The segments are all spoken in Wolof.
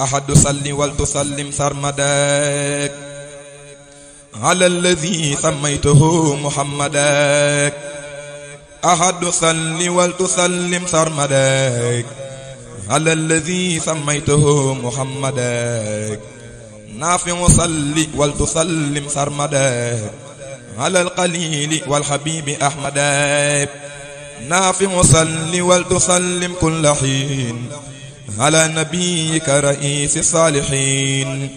أحد صل ولتسلم سرمدك على الذي سميته محمدك أحد صل ولتسلم سرمدك على الذي سميته محمدك نافع صل ولتسلم سرمدك على القليل والحبيب أحمدك نافع صل ولتسلم كل حين على نبيك رئيس الصالحين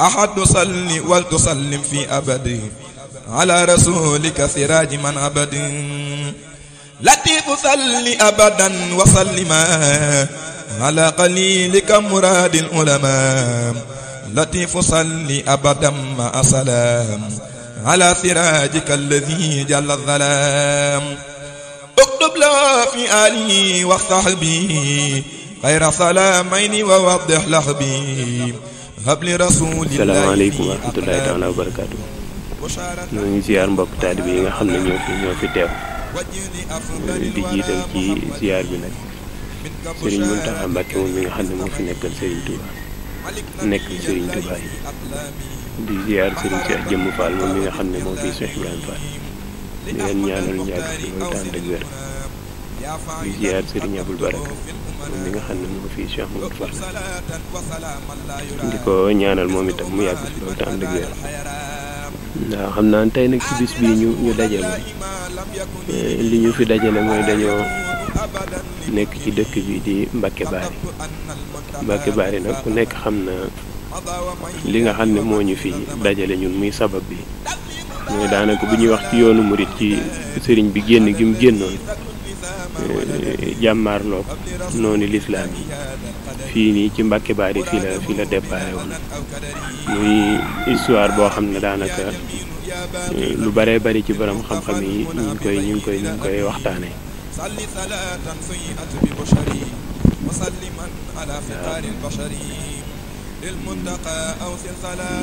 أحد تصلي ولتسلم في أبد على رسولك سراج من أبد لطيف صلي أبدا وسلما على قليلك مراد العلماء لطيف صلي أبدا مع سلام على سراجك الذي جل الظلام اكتب له في آله وصحبه xayra salaamay wa waddih lahbi habli rasulillahi salaamaaleykum wa rahmatullahi taala wa barakaatu mbokk taalibe yi nga xam ne ñoo fi ñoo fi teew di jiital ci ziar bi nag sëriñ Muntaxa Mbàkke moom mi nga xam ne moo fi nekkal sëriñ Touba nekk sëriñ Touba yi di ziar sëriñ Cheikh Jëmm Fall moom mi nga xam ne moo fi Cheikh Ibrahima Fall di leen ñaanal ñaag fi loolu tànn ak di ziar sëriñ Abul Baraka moom mi nga xam ne moo fi Cheikh Mouhamed Fall ko ñaanal moom itam mu yàgg si loolu te ànd ak waaw xam naa tey nag ci bis bii ñu ñu daje eh, li ñu fi daje mooy dañoo nekk ci dëkk bi di Mbacke Bari Mbacke Bari nag ku nekk xam na li nga xam ne moo ñu fi dajale ñun muy sabab bi mooy daanaka bu ñuy wax ci yoonu murit ci sëriñ bi génn gi mu génnoon Eh, jàmmaarloog noonu lislaam yi fii nii ci Mbàkke Baari fii fii la déparé woon muy histoire boo xam ne daanaka eh, lu bare bari ci borom xam-xam yi ñu ngi koy ñu koy ñu waxtaane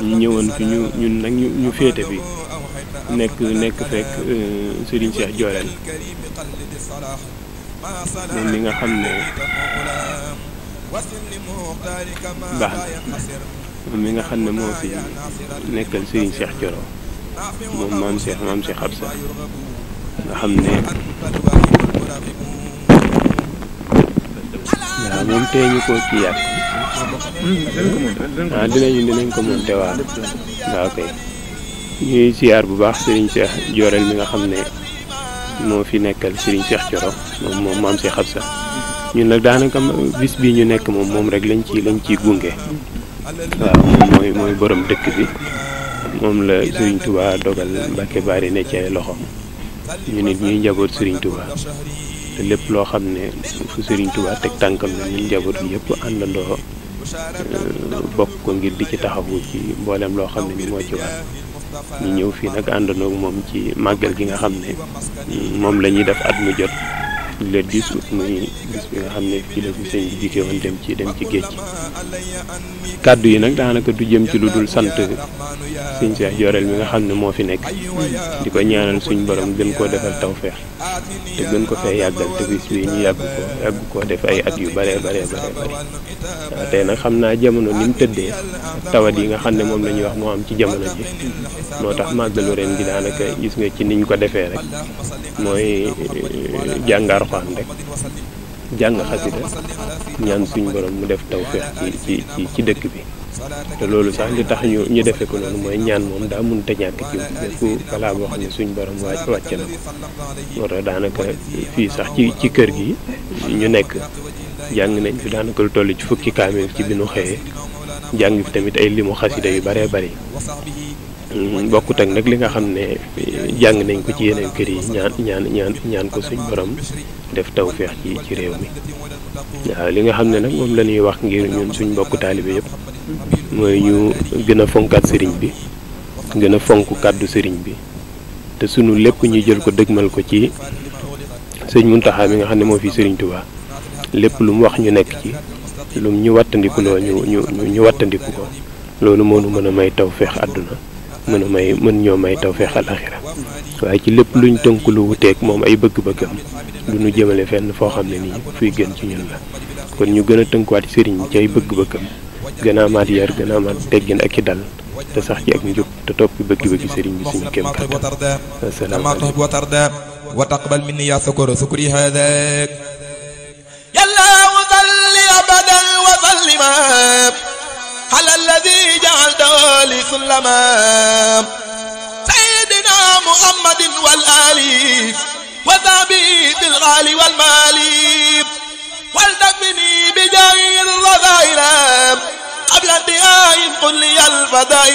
ñu ñëwoon fi ñu ñun nag ñu ñu féete fi nekk nekk fekk eh, Serigne Cheikh Jooleel moom mi nga xam ne baax moom mi nga xam ne moo fi nekkal sëriñ Cheikh Thioro moom maam Cheikh maam Cheikh Absa nga xam ne waaw moom tey ñu ko ci yàq waaw dinañu dinañ ko moom te waaw waaw kay ñuy siyaar bu baax sëriñ Cheikh Jorel mi nga xam ne moo fi nekkal Serigne Cheikh Thioro moom moom si xab Absa ñun nag daanaka bis bii ñu nekk moom moom rek lañ ci lañ ciy gunge waaw mooy mooy dëkk bi moom la Serigne Touba dogal Mbacke Bari ne ci loxo ñu nit ñuy njaboot Serigne Touba te lépp loo xam ne fu Serigne Touba teg tànkam na ñun njaboot bi yëpp àndandoo euh, bokk ko ngir di ci taxawu ci mboolem loo xam ne ni moo ci war ñu ñëw fii nag àndandoo moom ci màggal gi nga xam ne moom la ñuy def at mu jot le 10 août bi nga xam ne fii la fi bi jugee woon dem ci dem ci géej kàddu yi nag daanaka du jëm ci lu dul sant sëñ Cheikh Jorel mi nga xam ne moo fi nekk di ko ñaanal suñ borom gën koo defal tawfeex te gën ko fee yàggal te bis bii ñu yàgg ko yàgg koo def ay at yu baree baree baree bëri nag xam naa jamono ni tëddee tawat yi nga xam ne moom la ñuy wax moo am ci jamono ji moo tax màggalu ren gi daanaka gis nga ci niñ ko defee rek mooy eh, jàngar alxuraan rek jàng xasida ñaan suñ borom mu def tawféex ci ci dëkk bi te loolu sax li tax ñu ñu defee ko noonu mooy ñaan moom daa mënut a ñàkk ci bépp xam ne suñ borom wàcc wàcc na ko moo tax daanaka fii sax ci ci kër gi ñu nekk jàng nañ fi daanaka lu toll ci fukki kaamil ci bi nu xëyee jàng fi tamit ay limu xasida yu baree bari bokkut ak nag li nga xam ne jàng nañ ko ci yeneen kër yi ñaan ñaan ñaan ñaan ko suñ borom def tawféex ci ci réew mi waaw li nga xam ne nag moom la ñuy wax ngir ñun suñ mbokku taalibe yëpp mooy ñu gën a fonkaat sëriñ bi gën a fonk kàddu sëriñ bi te sunu lépp ñu jël ko dëgmal ko ci sëñ Muntaxa mi nga xam ne moo fi sëriñ Tuubaa lépp lu mu wax ñu nekk ci lu mu ñu wattandiku loo ñu ñu ñu wàttandiku ko loolu moo nu mën a may tawféex àdduna mën a mën ñoo may tawfeex alaxira waaye ci lépp luñ tënk lu wuteeg moom ay bëgg-bëggam du ñu jëmale fenn foo xam ne nii fuy gën ci ñun la kon ñu gën a tënkuwaat sëriñ ci ay bëgg-bëggam gën yar gën a ak i dal te sax ci ak njub te toppi bëgg-bëgg sëriñ bi suñu kéem kattan asalaamaaleykum wa tarda wa taqbal minni ya sukuru sukuri hadak yàlla salli abadan wa sallima لي كل ما سيدنا محمد والآل وذابي بالغالي والمال والتكمني بجاهر الرذائل قبل انتهاء قل لي الفضائل